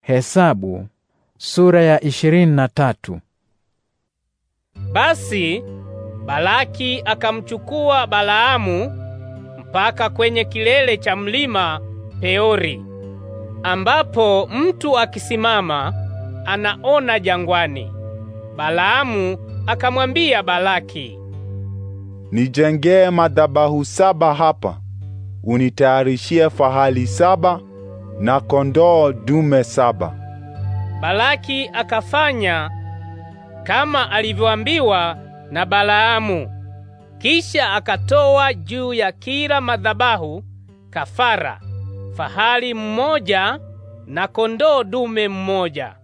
Hesabu sura ya tatu. Basi Balaki akamchukua Balaamu mpaka kwenye kilele cha mlima Peori ambapo mtu akisimama anaona jangwani. Balaamu akamwambia Balaki, Nijengee madhabahu saba hapa, unitayarishie fahali saba na kondoo dume saba. Balaki akafanya kama alivyoambiwa na Balaamu. Kisha akatoa juu ya kila madhabahu kafara fahali mmoja na kondoo dume mmoja.